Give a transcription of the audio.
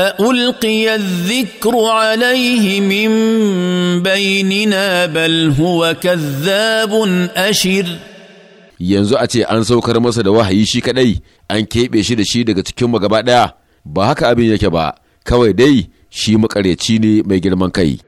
ألقي الذكر عليه من بيننا بل هو كذاب أشر yanzu a ce an saukar masa da wahayi shi kadai an keɓe shi da shi daga cikinmu gaba ɗaya ba haka abin yake ba kawai dai shi makaryaci ne mai girman kai